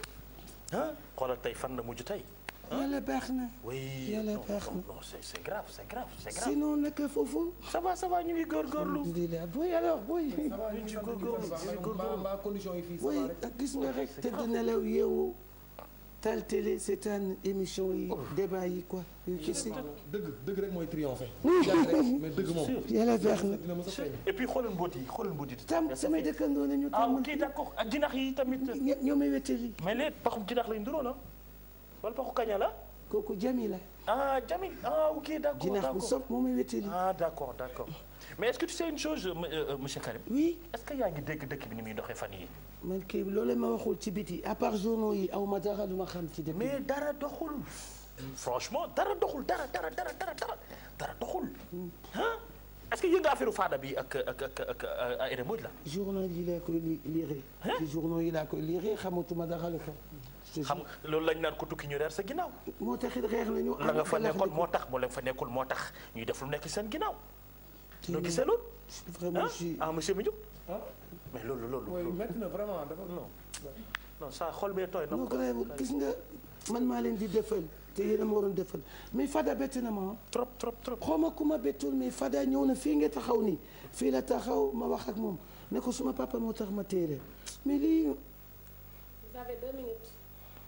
ah xoolal tey fan la mujj tey. yàlla baax na. oui yàlla baax na non c'est c'est grave c'est grave c'est grave. sinon naka foofu. ça va ça va ñu ngi góorgóorlu. alhamdulilah booy alors booy. ñu ngi góorgóorlu ñu ngi góorgóorlu. oui ak gis nga rek tëdd nelaw yeewu. tal télé seetaan émission yi. Oh. débat yi quoi yu kese. dëgg dëgg rek mooy triompher. mais dëgg moom. yàlla baax na et puis xoolal mboot yi xoolal mboot yi. tam samay dëkkandoo nañu. ah kii d'accord ak jinax yi tamit. ñoom ñoom ay wettali. mais léegi paxu jinax lañ duróo la wala paxu kaña la. kooku jami la. ah Jamil ah ok d' accord jinax bu saf moo may wéttali ah d' accord d' accord mais est ce que tu sais une chose euh, euh, monsieur Karim. oui est ce que yaa ngi dégg dëkk bi ni muy doxee fan yi man kii loolu ma waxul ci biti à part journaux yi aw ma dara du ma xam ci dëkk mais dara doxul. franchement dara doxul dara dara dara dara dara dara doxul. ah hmm. est ce que yëngu affaire faada bi ak ak ak ak ak RMO la. journaux yi laa koy lire. ci journaux yi laa koy lire xamatuma dara la ko. xam loolu lañ naan ko tukki ñu reer sa ginnaaw. moo tax it xeex nañu. nga fa nekkoon moo tax mu la nga fa nekkul moo tax ñuy def nekk seen ginnaaw. ci loolu gisee loolu. Ah, ah monsieur Mignane. mais loolu loolu. loolu métti na vraiment dafa non. non sa xol bee tooy na. non gis nga man maa leen di defal te yéen a ma waroon defal mais Fada bett na ma trop trop trop. xaw ma ku ma bettul mais Fada ñëw na fii nga taxaw nii fii la taxaw ma wax ak moom ne ko suma papa moo tax ma téere mais lii. vous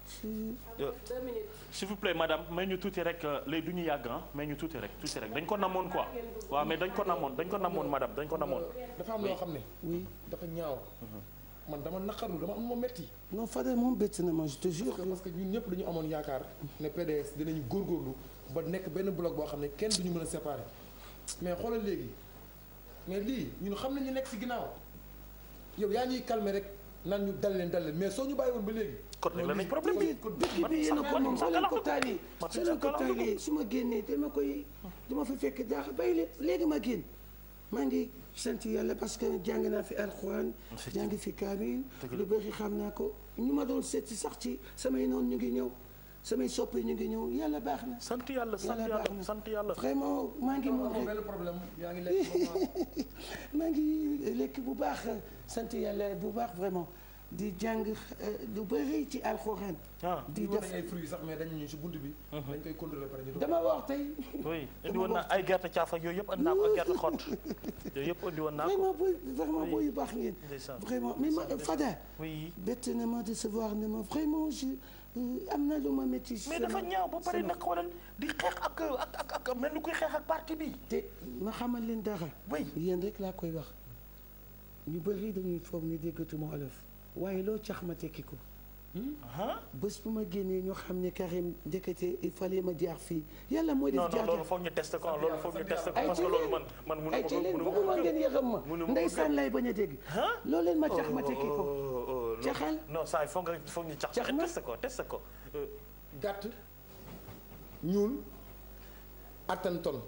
s'il vous plaît madame may ñu tuuti rek euh, lay du ñu yàgg may ñu tuuti rek tuuti rek dañ ko namoon quoi waaw mais dañ ko namoon dañ ko namoon madame dañ ko namoon. dafa am loo xam ne. oui dafa ñaaw. Mhm. man dama naqarlu dama am ma métti. non Fadel moom bett na ma je te jure. parce que ñun ñëpp dañu amoon yaakaar ne PDS dinañu góorgóorlu ba nekk benn bloc boo xam ne kenn duñu mën a séparer mais xoolal léegi mais lii ñun xam ñu nekk ci ginnaaw yow yaa ñuy calmer rek. nan ñu dal leen dal leen mais soo ñu bàyyi ba léegi. kon nag lan lañ problème bi dëkk bi yéen a ko moom ko taali yéen a ko taali su ma génnee dama koy dama fi fekk jaax bàyyi leen léegi ma génn maa ngi sant yàlla parce que jàng naa fi alxuraan jàng fi kaamil lu bëri xam naa ko ñu ma doon seet si sax ci samay noon ñu ngi ñëw samay soppe ñu ngi ñëw yàlla baax na. sant yàlla sant yàlla sant yàlla. vraiment maa ngi yaa ngi lekk maa ngi lekk bu baax sant yàlla bu baax vraiment di jàng euh, lu bëri ci alxuraan. Ah. di def ay fruits sax mais a ñu si bunt bi. Mhm. dañ a contrôler par ñu. dama wax tey. oui a woon naa ay gerte caaf ak yëpp andi naa ko ak gerte xott. yooyu yëpp andi woon naa ko vraiment vraiment booy baax ngeen. ma Fada. oui bett ma décevoir na ma vraiment je. am na lu ma métti mais dafa ñaaw ba pare nag xoolal di xeex ak parti bi. te ma xamal leen dara. oui yéen rek laa koy wax ñu bëri dañuy foog ni déggatuma olof waaye loo cax ma tekki ko. Hmm? bés bu ma génnee ñoo xam ne Karim ndekete il fallait ma jaar fii yàlla mooy def jaar loolu foog ñu test ko loolu foog ñu test ko parce que loolu man man mënu ma ko mënu ma ko ay ci leen bëgguma ngeen yëgam ma ndeysaan lay bañ a dégg. loolu leen ma cax oh, ma tekki ko. Oh, oh, ci xel non saa yi foog nga foog ñu cax test ko test ko euh. gàtt ñuul attan ton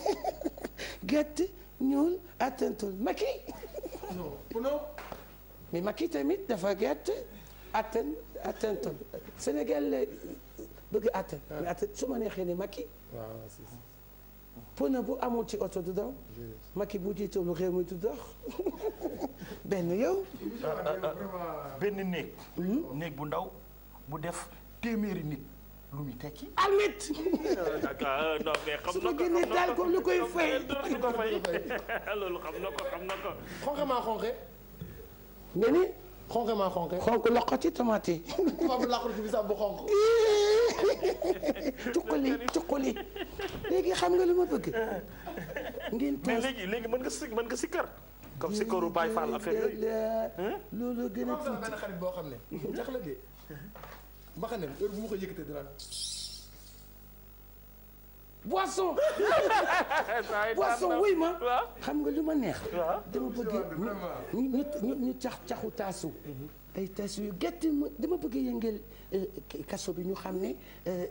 gàtt ñuul attan ton Macky non tamit dafa gàtt attan euh, attan ah. ton Sénégal su ma neexee ne Macky waaw pneu bu amul ci oto du daw. Macky bu jiitalu réew mi du dox benn yow. benn néeg. Hmm? néeg bu ndaw bu def téeméeri nit lu muy tekki. almet. non mais xam na ko ko lu koy fay. loolu xam na ko xam na ko. xonqe maa xonqe. nga ni. xonk maa xonk. xonk loqati tomate yi. faamu laqatu ci bisaab bu xonk. cuqali cuqali léegi xam nga lu ma bëgg. ngeen toog mais léegi léegi mën nga si mën nga sikkar. comme sikkaru Baay Faal affaire yooyu. loolu gën a tuuti. xarit boo xam ne. jax la de. mbaxane heure bu ma ko yëkkatee dara. boisson boisson wuy ma xam nga lu ma neex dama bëgg ñu ñu cax caxu taasu mhm. ay taas yu gerte dama bëgg yëngel euh, kaso bi ñu xam ne euh,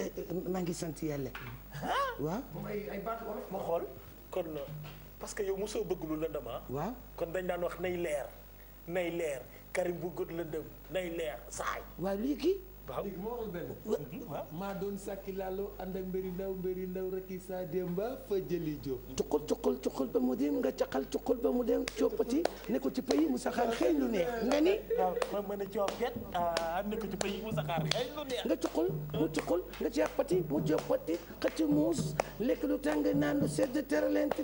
euh, maa ngi sant yàlla. Ah. waaw. xool. kon parce que yow mosoo bëgg lu lëndëm ah. waa kon dañ daan wax nay leer nay leer Karim bu gët lëndëm nay leer saay. waaw léegi. waaw léegi moo waxul benn. Mhm. maa doon sàkki laalo ànd ak mbëri ndaw mbëri i saa dem fa jëli jóob. Mhm. cuqul cuqul cuqul ba mu dem nga caqal cuqul ba mu dem coppati ne ko ci pays mu saxaar xëy lu neex nga ni. waaw man ma ne coppet ah ne ko ci nga cuqul mu cuqul nga jàppati mu jàppati xëcc muus lekk lu tàng naan lu sedd teraleen ci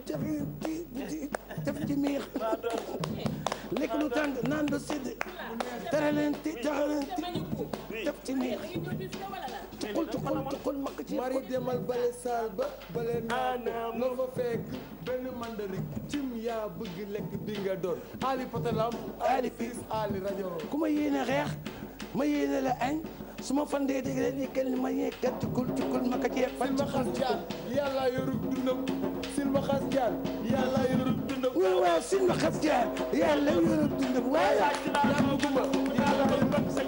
def ci lekk lu tàng naan lu sedd teraleen ci jaxaleen ci neex tuqul tuqul tuqul makk ci mari demal bale saal ba bale naa loo fa fekk benn mandarin cim yaa bëgg lekk bi nga doon ali patalam ali fiis ali rajo ku ma yéene reex ma yéene la añ su ma fan dee dégg ni kenn ma yee kat tukkul tukkul ma ka cee fan silmaxas jaan yàlla yorug dundam silmaxas jaan yàlla yorug dundam waaw waaw silmaxas jaan yàlla yorug dundam waaw yàlla yorug dundam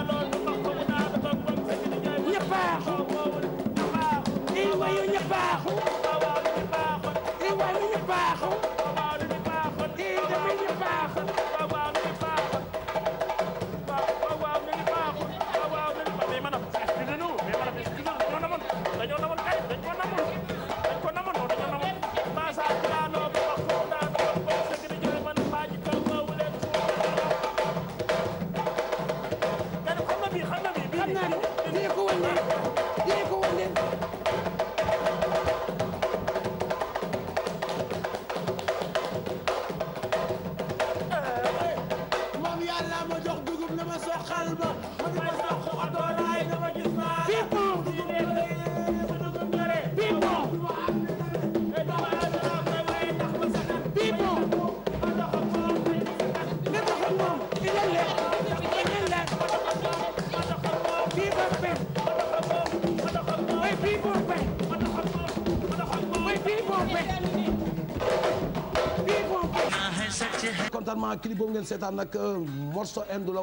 clip boobu ngeen seetaan nag euh, Corso Indo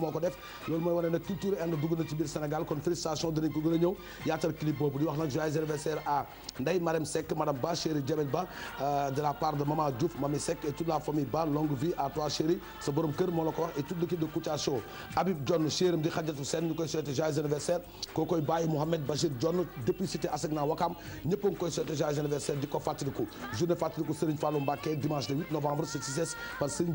moo ko def loolu mooy wane ne culture Indo dugg na Sénégal kon félicitation dinañ ko gën a ñëw boobu di wax nag joyeux anniversaire à Ndeye Marème Seck madame Ba chérie Diabel Ba euh, de la part de maman Diouf mami Seck et toute la famille Ba longue vie à toi chérie sa borom kër moo la ko wax et de Kouthia Show Habib Dione chérim di xajatu seen ñu koy koy bàyyi Mouhamed Bachir Dione depuis cité Asegna Wakam ñëpp a ngi koy souhaité anniversaire di ko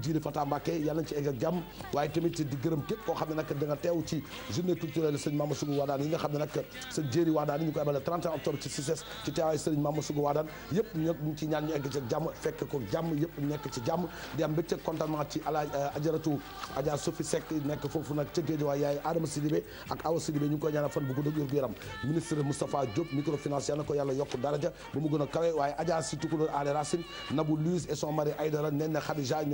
diine Fata Mbacke yàlla nañ egg ak waaye tamit di gërëm képp koo xam ne nag da teew ci journée culturelle sëñ Mama Sougou Wadane yi nga xam ne nag sëñ Jéeri Wadane ñu ko abale 31 octobre ci CICES ci teewaay sëñ Mama Sougou Wadane yëpp ñu ngi ci ñaan ñu egg ci ak fekk ko jàmm yëpp nekk ci jàmm di am mbégte contentement ci ala euh, ajaratu Adja Sofi Seck nekk foofu nag ca Géejawaay yaay Adama Sidibé ak Awa Sidibé ñu ngi koy ñaanal fan bu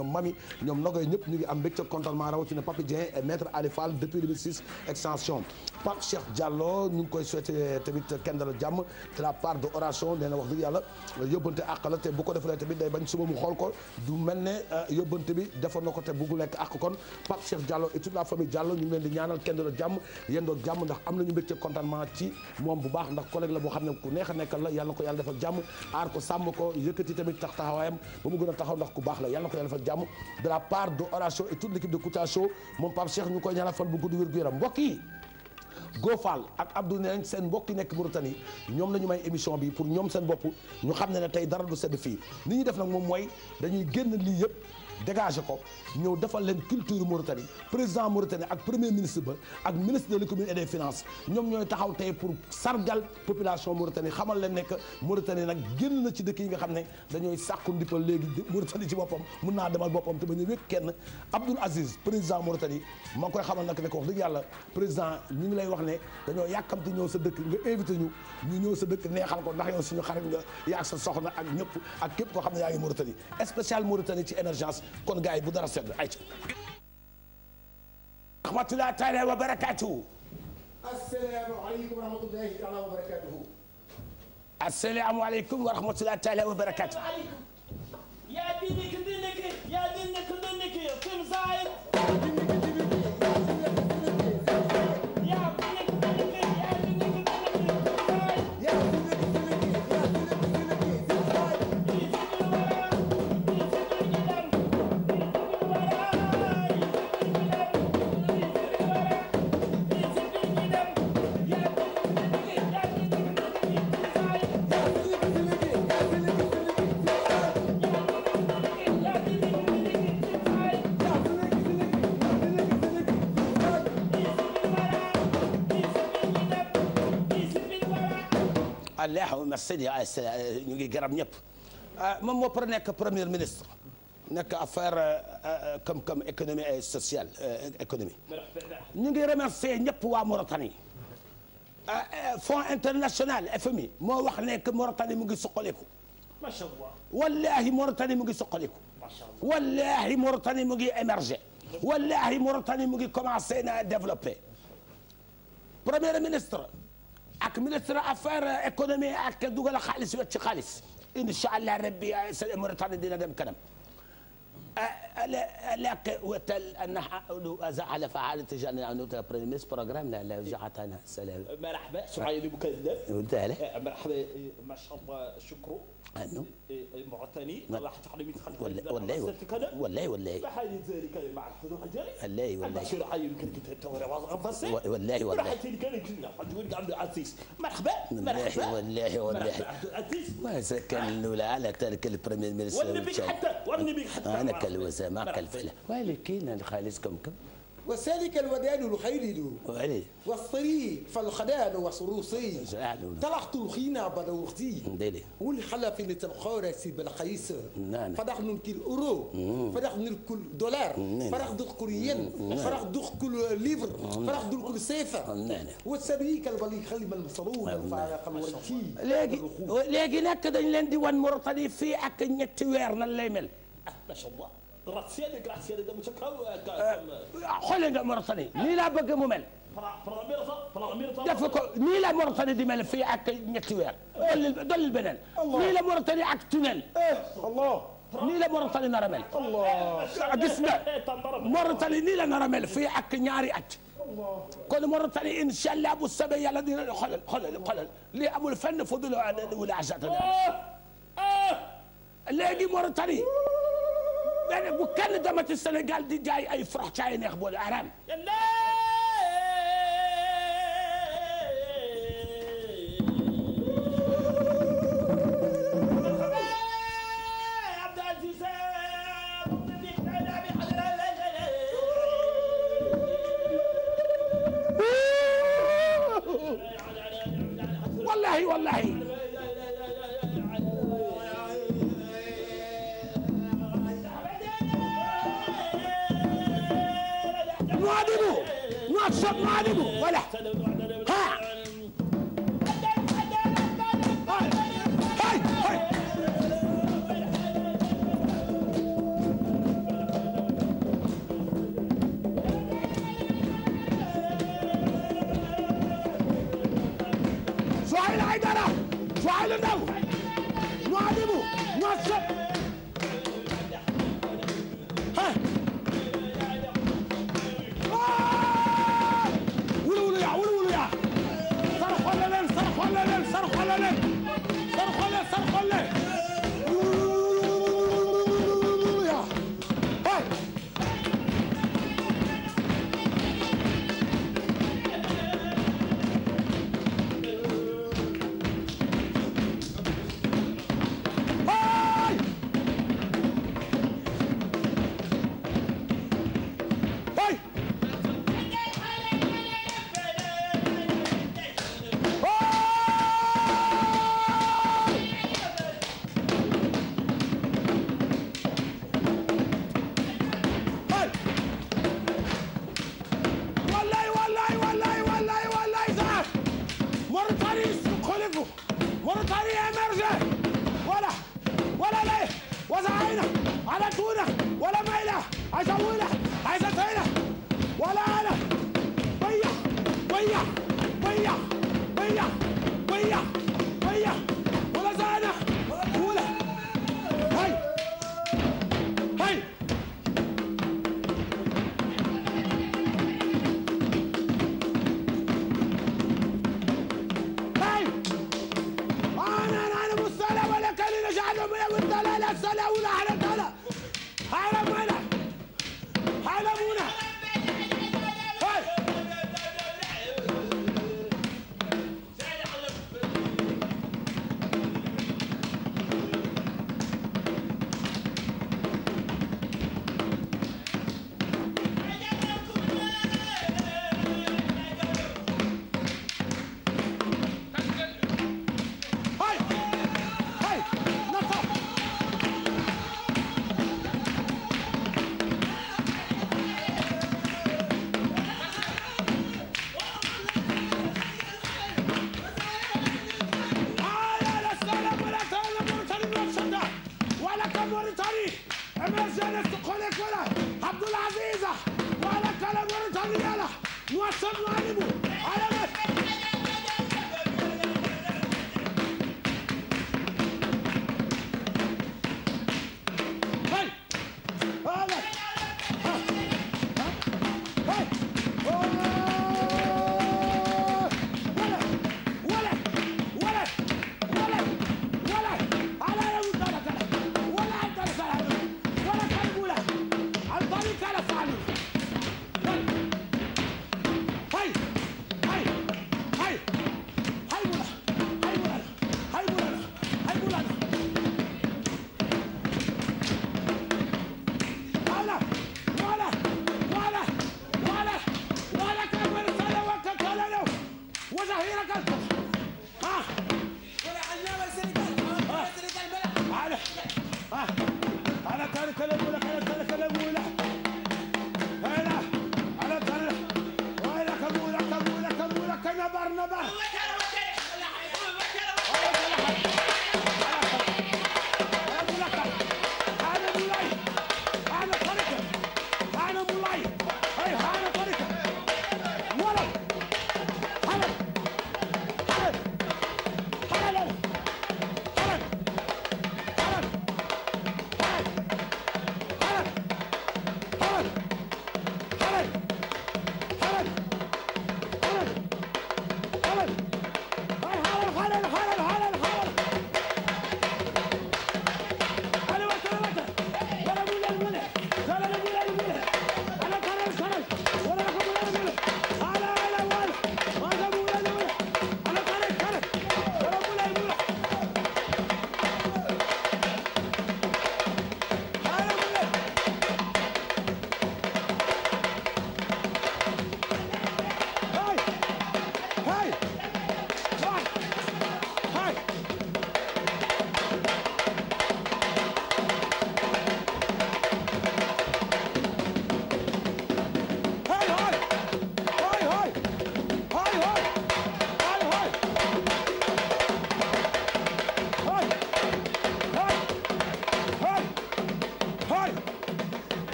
a ñoom nogoy ñëpp ñu ngi am mbégte contentement rawatina Papi Dieng et maître Ali Fall depuis 2006 extension Pape Cheikh Diallo ñu ngi koy souhaité tamit kenn dala jàmm de la part de oration nee wax dëgg yàlla yóbbante àq la te bu ko defalee tamit day bañ suba mu xool ko du mel ne euh, yóbbante bi defoon na ko te bugg lekk àq kon Pape Cheikh Diallo et toute la famille Diallo ñu ngi leen di ñaanal kenn dala jàmm yendoo jàmm ndax am la boo xam ne la yàlla na ko yàlla defal jàmm aar ko tax taxawaayam ba mu gën a ku baax la yàlla na ko jàmm de la part de Horatio et toute l'équipe de Kouthia Show moom Pape Cheikh ñu koy ñaanal fan bu gudd wér gu yaram mbokk yi Gofal ak Abdou Neng seen mbokk yi nekk Mauritanie ñoom lañu ñu may émission bi pour ñoom seen bopp ñu xam ne ne tey dara du sedd fii ni ñuy def nag moom mooy dañuy génn lii yëpp dégagé ko ñëw defal leen culture Mauritanie président Mauritanie ak premier ministre ba ak ministre de l'économie et des ñoom ñooy taxaw tey pour sargal population Mauritanie xamal leen nekk Mauritanie nag génn na ci dëkk yi nga xam ne dañooy sàkku ndippal léegi Mauritanie ci boppam mun naa demal boppam te ba ñu wékk kenn Abdoul Aziz président Mauritanie maa koy xamal nag ne ko wax dëgg yàlla président ñu ngi lay wax ne dañoo yàkkamti ñëw sa dëkk nga invité ñu ñu ñëw sa dëkk neexal ko ndax yow suñu xarit nga yaa sa soxna ak ñëpp ak képp koo xam ne yaa ngi Mauritanie spécial Mauritanie ci émergence kon gars yi bu dara sedd ay rahmatullahi taala wa barakatuhu assalaamu aleykum wa rahmatullahi taala wa barakatuhu assalaamu aleykum wa rahmatullahi taala wa barakatuhu Allahu merci ah, euh, ñu ngi garab ñëpp ah, moom moo par nekk premier ministre nekk affaire euh, euh, comme comme économie et sociale économie ñu ngi remercier ñëpp waa Mauritanie ah, fonds international FMI moo wax ne que Mauritanie mu ngi suqaliku macha allah wallaahi Mauritanie mu ngi suqaliku macha allah wallaahi Mauritanie mu ngi émerger wallaahi Mauritanie mu ngi commencé na développer premier ministre ak ministre affaires économie ak dugal a xaalis wet ci xaalis incha allah rabbi Mauritanie dina dem kanam لكن زعل فعالة تجعلنا أن نطلع بريم ميس بروجرامنا لا جعتنا سلام مرحبا سعيد بكذب مرحبا ما شاء الله شكرا أنه المعتني راح تحرمي والله والله والله والله حالي ذلك مع الحضور الجاري والله والله شو راح يمكن تتورى والله والله راح تلقى لك حجور عبد العزيز مرحبا مرحبا والله والله عبد العزيز ما سكن ولا على ترك البريمير مينستر والنبي حتى والنبي حتى انا كالوسامه كالفله ولكن خالصكم كم وسالك الوداد الخيل وعلي والصري فالخدان وسروسي طلعت الخينا بدوختي والحلف اللي تبخور سيب القيس فرح نكل اورو فرح نكل دولار فرح دخل ين فرح دخل ليفر فرح دخل سيفة وسالك الولي خلي من المصرون فايق الولكي léegi léegi nag dañ leen di wan Mauritanie fii ak ñetti weer nan lay mel ah macha allah gratte-ciel gratte-ciel dem eh, ca kaw. Eh, xoolee nga Mauritanie nii laa bëgg mu mel. def ko nii la Mauritanie di mel fii ak ñetti weer. dolli dolli beneen. nii la Mauritanie ak tunnel. Allah nii la Mauritanie eh, nar a mel. Allah ah, gis nga Mauritanie nii la nar a mel fii ak ñaari at. kon Mauritanie incha allah bu soobee yàlla dina xoolal xoolal xoolal lii amul fenn fu dul ah, wala achatal léegi Mauritanie benn bu kenn demati Sénégal di jaay ay forox caay neex boole araam